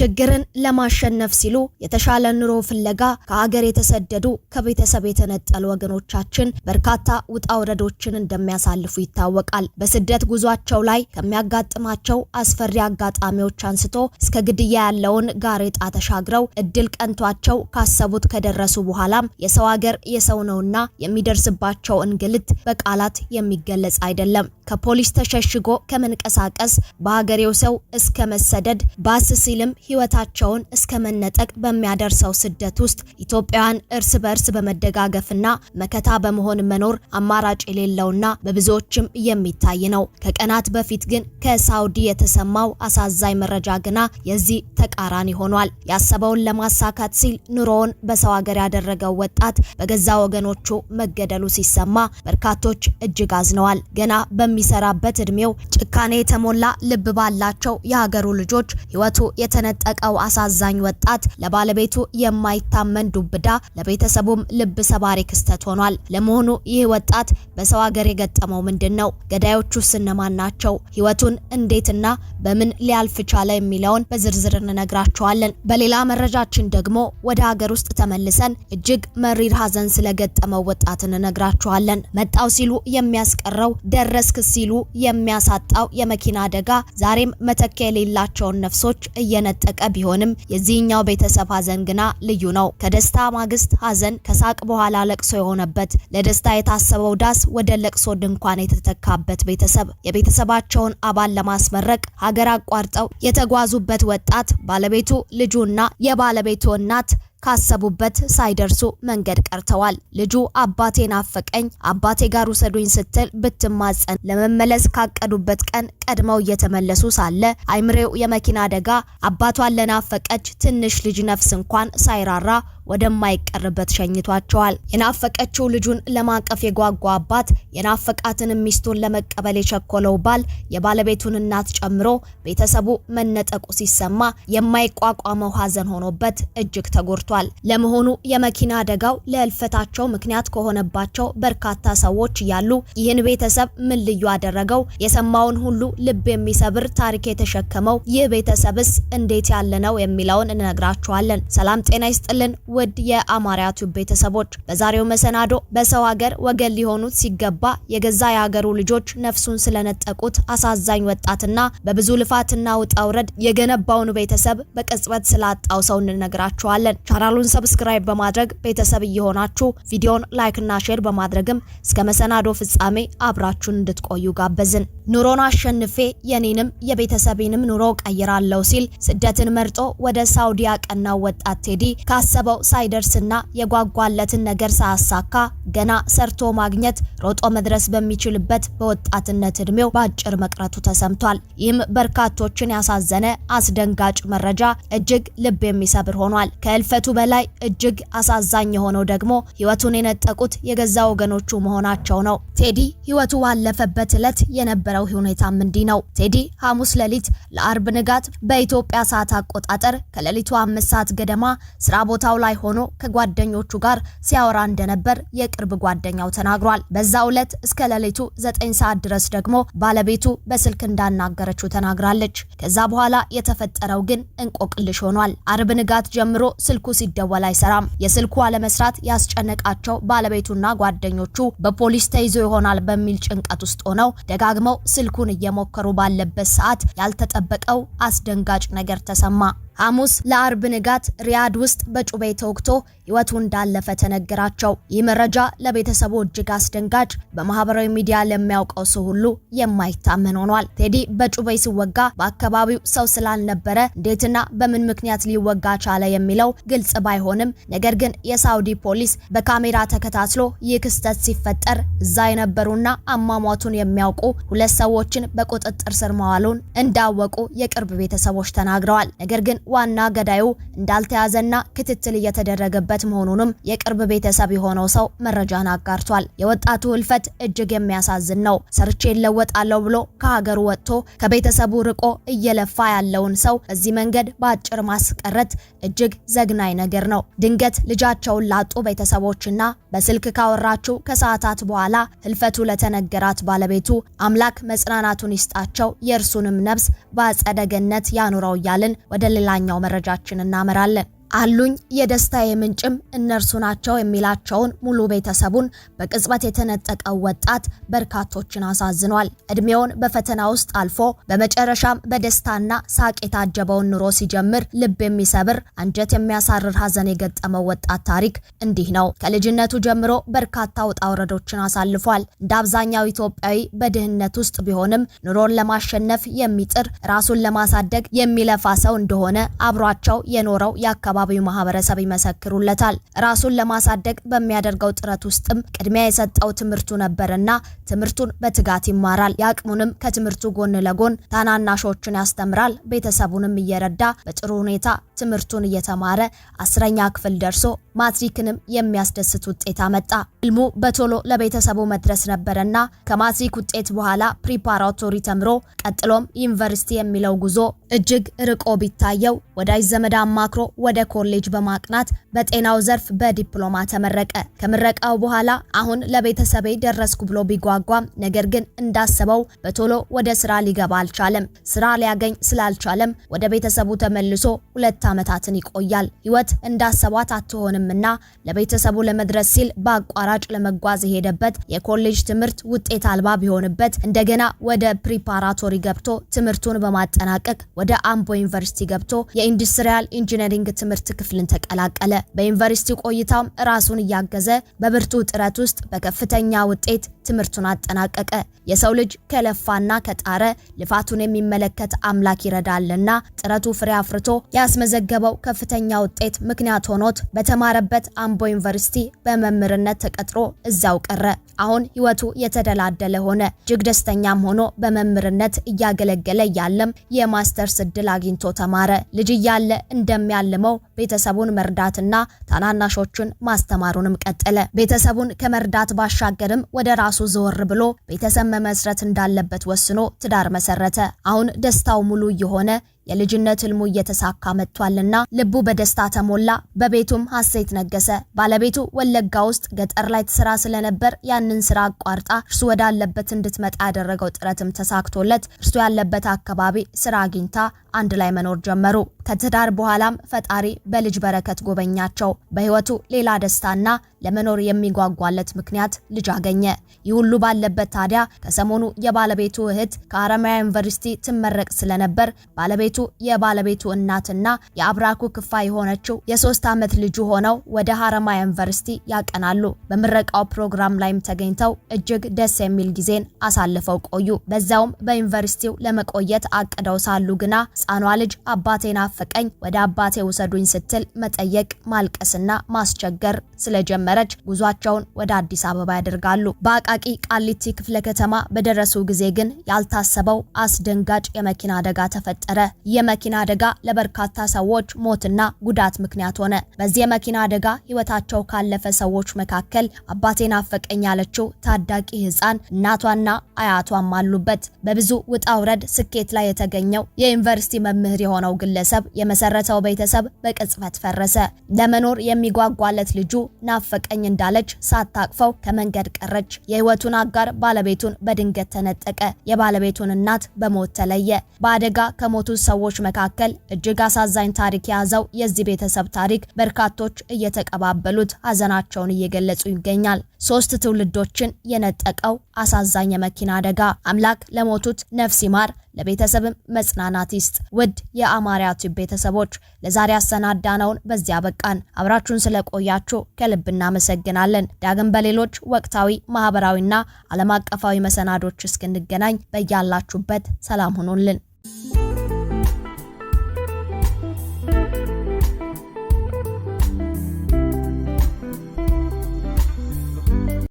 ችግርን ለማሸነፍ ሲሉ የተሻለ ኑሮ ፍለጋ ከሀገር የተሰደዱ ከቤተሰብ የተነጠሉ ወገኖቻችን በርካታ ውጣ ውረዶችን እንደሚያሳልፉ ይታወቃል። በስደት ጉዟቸው ላይ ከሚያጋጥማቸው አስፈሪ አጋጣሚዎች አንስቶ እስከ ግድያ ያለውን ጋሬጣ ተሻግረው እድል ቀንቷቸው ካሰቡት ከደረሱ በኋላም የሰው ሀገር የሰው ነውና የሚደርስባቸው እንግልት በቃላት የሚገለጽ አይደለም። ከፖሊስ ተሸሽጎ ከመንቀሳቀስ በሀገሬው ሰው እስከ መሰደድ ባስ ሲልም ህይወታቸውን እስከ መነጠቅ በሚያደርሰው ስደት ውስጥ ኢትዮጵያውያን እርስ በርስ በመደጋገፍና መከታ በመሆን መኖር አማራጭ የሌለውና በብዙዎችም የሚታይ ነው። ከቀናት በፊት ግን ከሳውዲ የተሰማው አሳዛኝ መረጃ ግና የዚህ ተቃራኒ ሆኗል። ያሰበውን ለማሳካት ሲል ኑሮውን በሰው ሀገር ያደረገው ወጣት በገዛ ወገኖቹ መገደሉ ሲሰማ በርካቶች እጅግ አዝነዋል። ገና በሚሰራበት እድሜው ጭካኔ የተሞላ ልብ ባላቸው የሀገሩ ልጆች ህይወቱ የተነ የታጠቀው አሳዛኝ ወጣት ለባለቤቱ የማይታመን ዱብዳ፣ ለቤተሰቡም ልብ ሰባሪ ክስተት ሆኗል። ለመሆኑ ይህ ወጣት በሰው ሀገር የገጠመው ምንድን ነው? ገዳዮቹስ እነማን ናቸው? ህይወቱን እንዴትና በምን ሊያልፍ ቻለ የሚለውን በዝርዝር እንነግራቸዋለን። በሌላ መረጃችን ደግሞ ወደ ሀገር ውስጥ ተመልሰን እጅግ መሪር ሀዘን ስለገጠመው ወጣት እንነግራችኋለን። መጣው ሲሉ የሚያስቀረው ደረስክ ሲሉ የሚያሳጣው የመኪና አደጋ ዛሬም መተኪያ የሌላቸውን ነፍሶች እየነጠ የፈነጠቀ ቢሆንም የዚህኛው ቤተሰብ ሀዘን ግና ልዩ ነው። ከደስታ ማግስት ሀዘን፣ ከሳቅ በኋላ ለቅሶ የሆነበት ለደስታ የታሰበው ዳስ ወደ ለቅሶ ድንኳን የተተካበት ቤተሰብ የቤተሰባቸውን አባል ለማስመረቅ ሀገር አቋርጠው የተጓዙበት ወጣት ባለቤቱ ልጁና የባለቤቱ እናት ካሰቡበት ሳይደርሱ መንገድ ቀርተዋል። ልጁ አባቴ ናፈቀኝ፣ አባቴ ጋር ውሰዱኝ ስትል ብትማጸን ለመመለስ ካቀዱበት ቀን ቀድመው እየተመለሱ ሳለ አይምሬው የመኪና አደጋ አባቷን ለናፈቀች ትንሽ ልጅ ነፍስ እንኳን ሳይራራ ወደማይቀርበት ሸኝቷቸዋል። የናፈቀችው ልጁን ለማቀፍ የጓጓ አባት፣ የናፈቃትን ሚስቱን ለመቀበል የቸኮለው ባል፣ የባለቤቱን እናት ጨምሮ ቤተሰቡ መነጠቁ ሲሰማ የማይቋቋመው ሀዘን ሆኖበት እጅግ ተጎድቷል። ለመሆኑ የመኪና አደጋው ለእልፈታቸው ምክንያት ከሆነባቸው በርካታ ሰዎች እያሉ ይህን ቤተሰብ ምን ልዩ አደረገው? የሰማውን ሁሉ ልብ የሚሰብር ታሪክ የተሸከመው ይህ ቤተሰብስ እንዴት ያለ ነው የሚለውን እንነግራችኋለን። ሰላም ጤና ይስጥልን። ውድ የአማርያ ቱብ ቤተሰቦች በዛሬው መሰናዶ በሰው ሀገር ወገን ሊሆኑት ሲገባ የገዛ የሀገሩ ልጆች ነፍሱን ስለነጠቁት አሳዛኝ ወጣትና በብዙ ልፋትና ውጣ ውረድ የገነባውን ቤተሰብ በቅጽበት ስላጣው ሰው እንነግራችኋለን። ቻናሉን ሰብስክራይብ በማድረግ ቤተሰብ እየሆናችሁ ቪዲዮን ላይክና ሼር በማድረግም እስከ መሰናዶ ፍጻሜ አብራችሁን እንድትቆዩ ጋበዝን። ኑሮን አሸንፌ የኔንም የቤተሰቤንም ኑሮ ቀይራለሁ ሲል ስደትን መርጦ ወደ ሳውዲ ያቀናው ወጣት ቴዲ ካሰበው ሳይደርስና የጓጓለትን ነገር ሳያሳካ ገና ሰርቶ ማግኘት ሮጦ መድረስ በሚችልበት በወጣትነት እድሜው በአጭር መቅረቱ ተሰምቷል። ይህም በርካቶችን ያሳዘነ አስደንጋጭ መረጃ እጅግ ልብ የሚሰብር ሆኗል። ከእልፈቱ በላይ እጅግ አሳዛኝ የሆነው ደግሞ ህይወቱን የነጠቁት የገዛ ወገኖቹ መሆናቸው ነው። ቴዲ ህይወቱ ባለፈበት ዕለት የነበረው ሁኔታም እንዲህ ነው። ቴዲ ሐሙስ ሌሊት ለአርብ ንጋት በኢትዮጵያ ሰዓት አቆጣጠር ከሌሊቱ አምስት ሰዓት ገደማ ስራ ቦታው ላይ ሆኖ ከጓደኞቹ ጋር ሲያወራ እንደነበር የቅርብ ጓደኛው ተናግሯል። በዛ ዕለት እስከ ሌሊቱ ዘጠኝ ሰዓት ድረስ ደግሞ ባለቤቱ በስልክ እንዳናገረችው ተናግራለች። ከዛ በኋላ የተፈጠረው ግን እንቆቅልሽ ሆኗል። አርብ ንጋት ጀምሮ ስልኩ ሲደወል አይሰራም። የስልኩ አለመስራት ያስጨነቃቸው ባለቤቱና ጓደኞቹ በፖሊስ ተይዞ ይሆናል በሚል ጭንቀት ውስጥ ሆነው ደጋግመው ስልኩን እየሞከሩ ባለበት ሰዓት ያልተጠበቀው አስደንጋጭ ነገር ተሰማ። ሐሙስ ለአርብ ንጋት ሪያድ ውስጥ በጩቤ ተወግቶ ህይወቱ እንዳለፈ ተነገራቸው። ይህ መረጃ ለቤተሰቡ እጅግ አስደንጋጭ፣ በማህበራዊ ሚዲያ ለሚያውቀው ሰው ሁሉ የማይታመን ሆኗል። ቴዲ በጩቤ ሲወጋ በአካባቢው ሰው ስላልነበረ እንዴትና በምን ምክንያት ሊወጋ ቻለ የሚለው ግልጽ ባይሆንም፣ ነገር ግን የሳውዲ ፖሊስ በካሜራ ተከታትሎ ይህ ክስተት ሲፈጠር እዛ የነበሩና አሟሟቱን የሚያውቁ ሁለት ሰዎችን በቁጥጥር ስር መዋሉን እንዳወቁ የቅርብ ቤተሰቦች ተናግረዋል። ነገር ግን ዋና ገዳዩ እንዳልተያዘና ክትትል እየተደረገበት ህልፈት መሆኑንም የቅርብ ቤተሰብ የሆነው ሰው መረጃን አጋርቷል። የወጣቱ ህልፈት እጅግ የሚያሳዝን ነው። ሰርቼ እለወጣለሁ ብሎ ከሀገሩ ወጥቶ ከቤተሰቡ ርቆ እየለፋ ያለውን ሰው በዚህ መንገድ በአጭር ማስቀረት እጅግ ዘግናኝ ነገር ነው። ድንገት ልጃቸውን ላጡ ቤተሰቦችና በስልክ ካወራችው ከሰዓታት በኋላ ህልፈቱ ለተነገራት ባለቤቱ አምላክ መጽናናቱን ይስጣቸው፣ የእርሱንም ነፍስ በአጸደ ገነት ያኑረው እያልን ወደ ሌላኛው መረጃችን እናመራለን። አሉኝ የደስታዬ ምንጭም እነርሱ ናቸው የሚላቸውን ሙሉ ቤተሰቡን በቅጽበት የተነጠቀው ወጣት በርካቶችን አሳዝኗል። እድሜውን በፈተና ውስጥ አልፎ በመጨረሻም በደስታና ሳቅ የታጀበውን ኑሮ ሲጀምር ልብ የሚሰብር አንጀት የሚያሳርር ሀዘን የገጠመው ወጣት ታሪክ እንዲህ ነው። ከልጅነቱ ጀምሮ በርካታ ውጣ ውረዶችን አሳልፏል። እንደ አብዛኛው ኢትዮጵያዊ በድህነት ውስጥ ቢሆንም ኑሮን ለማሸነፍ የሚጥር ራሱን ለማሳደግ የሚለፋ ሰው እንደሆነ አብሯቸው የኖረው ያከባ የአካባቢው ማህበረሰብ ይመሰክሩለታል። ራሱን ለማሳደግ በሚያደርገው ጥረት ውስጥም ቅድሚያ የሰጠው ትምህርቱ ነበርና ትምህርቱን በትጋት ይማራል። የአቅሙንም ከትምህርቱ ጎን ለጎን ታናናሾችን ያስተምራል። ቤተሰቡንም እየረዳ በጥሩ ሁኔታ ትምህርቱን እየተማረ አስረኛ ክፍል ደርሶ ማትሪክንም የሚያስደስት ውጤት አመጣ። ህልሙ በቶሎ ለቤተሰቡ መድረስ ነበርና ከማትሪክ ውጤት በኋላ ፕሪፓራቶሪ ተምሮ ቀጥሎም ዩኒቨርሲቲ የሚለው ጉዞ እጅግ ርቆ ቢታየው ወዳጅ ዘመድ አማክሮ ወደ ኮሌጅ በማቅናት በጤናው ዘርፍ በዲፕሎማ ተመረቀ። ከምረቃው በኋላ አሁን ለቤተሰቤ ደረስኩ ብሎ ቢጓጓም ነገር ግን እንዳሰበው በቶሎ ወደ ስራ ሊገባ አልቻለም። ስራ ሊያገኝ ስላልቻለም ወደ ቤተሰቡ ተመልሶ ሁለት ዓመታትን ይቆያል። ህይወት እንዳሰባት አትሆንምና ለቤተሰቡ ለመድረስ ሲል በአቋራጭ ለመጓዝ የሄደበት የኮሌጅ ትምህርት ውጤት አልባ ቢሆንበት እንደገና ወደ ፕሪፓራቶሪ ገብቶ ትምህርቱን በማጠናቀቅ ወደ አምቦ ዩኒቨርሲቲ ገብቶ የኢንዱስትሪያል ኢንጂነሪንግ ትምህርት የትምህርት ክፍልን ተቀላቀለ። በዩኒቨርሲቲ ቆይታም ራሱን እያገዘ በብርቱ ጥረት ውስጥ በከፍተኛ ውጤት ትምህርቱን አጠናቀቀ። የሰው ልጅ ከለፋና ከጣረ ልፋቱን የሚመለከት አምላክ ይረዳልና ጥረቱ ፍሬ አፍርቶ ያስመዘገበው ከፍተኛ ውጤት ምክንያት ሆኖት በተማረበት አምቦ ዩኒቨርሲቲ በመምህርነት ተቀጥሮ እዛው ቀረ። አሁን ህይወቱ የተደላደለ ሆነ። እጅግ ደስተኛም ሆኖ በመምህርነት እያገለገለ ያለም የማስተርስ እድል አግኝቶ ተማረ። ልጅ እያለ እንደሚያልመው ቤተሰቡን መርዳትና ታናናሾቹን ማስተማሩንም ቀጠለ። ቤተሰቡን ከመርዳት ባሻገርም ወደ ራ ከራሱ ዘወር ብሎ ቤተሰብ መመስረት እንዳለበት ወስኖ ትዳር መሰረተ። አሁን ደስታው ሙሉ የሆነ የልጅነት ህልሙ እየተሳካ መጥቷልና ልቡ በደስታ ተሞላ። በቤቱም ሀሴት ነገሰ። ባለቤቱ ወለጋ ውስጥ ገጠር ላይ ስራ ስለነበር ያንን ስራ አቋርጣ እርሱ ወዳለበት እንድትመጣ ያደረገው ጥረትም ተሳክቶለት እርሱ ያለበት አካባቢ ስራ አግኝታ አንድ ላይ መኖር ጀመሩ። ከትዳር በኋላም ፈጣሪ በልጅ በረከት ጎበኛቸው። በሕይወቱ ሌላ ደስታና ለመኖር የሚጓጓለት ምክንያት ልጅ አገኘ። ይህ ሁሉ ባለበት ታዲያ ከሰሞኑ የባለቤቱ እህት ከሐረማያ ዩኒቨርሲቲ ትመረቅ ስለነበር ባለቤቱ የባለቤቱ እናትና የአብራኩ ክፋይ የሆነችው የሶስት ዓመት ልጁ ሆነው ወደ ሐረማያ ዩኒቨርሲቲ ያቀናሉ። በምረቃው ፕሮግራም ላይም ተገኝተው እጅግ ደስ የሚል ጊዜን አሳልፈው ቆዩ። በዚያውም በዩኒቨርሲቲው ለመቆየት አቅደው ሳሉ ግና ህፃኗ ልጅ አባቴን አፈቀኝ ወደ አባቴ ውሰዱኝ ስትል መጠየቅ ማልቀስና ማስቸገር ስለጀመረች ጉዟቸውን ወደ አዲስ አበባ ያደርጋሉ። በአቃቂ ቃሊቲ ክፍለ ከተማ በደረሱ ጊዜ ግን ያልታሰበው አስደንጋጭ የመኪና አደጋ ተፈጠረ። የመኪና አደጋ ለበርካታ ሰዎች ሞትና ጉዳት ምክንያት ሆነ። በዚህ የመኪና አደጋ ህይወታቸው ካለፈ ሰዎች መካከል አባቴን አፈቀኝ ያለችው ታዳቂ ህፃን እናቷና አያቷም አሉበት። በብዙ ውጣ ውረድ ስኬት ላይ የተገኘው የዩኒቨርስ የዩኒቨርሲቲ መምህር የሆነው ግለሰብ የመሰረተው ቤተሰብ በቅጽበት ፈረሰ። ለመኖር የሚጓጓለት ልጁ ናፈቀኝ እንዳለች ሳታቅፈው ከመንገድ ቀረች። የህይወቱን አጋር ባለቤቱን በድንገት ተነጠቀ። የባለቤቱን እናት በሞት ተለየ። በአደጋ ከሞቱት ሰዎች መካከል እጅግ አሳዛኝ ታሪክ የያዘው የዚህ ቤተሰብ ታሪክ በርካቶች እየተቀባበሉት ሀዘናቸውን እየገለጹ ይገኛል። ሶስት ትውልዶችን የነጠቀው አሳዛኝ የመኪና አደጋ አምላክ ለሞቱት ነፍስ ይማር። ለቤተሰብም መጽናናት ይስጥ። ውድ የአማርያ ቲዩብ ቤተሰቦች ለዛሬ ያሰናዳነውን በዚያ በቃን። አብራችሁን ስለቆያችሁ ከልብ እናመሰግናለን። ዳግም በሌሎች ወቅታዊ ማህበራዊና ዓለም አቀፋዊ መሰናዶች እስክንገናኝ በያላችሁበት ሰላም ሁኑልን።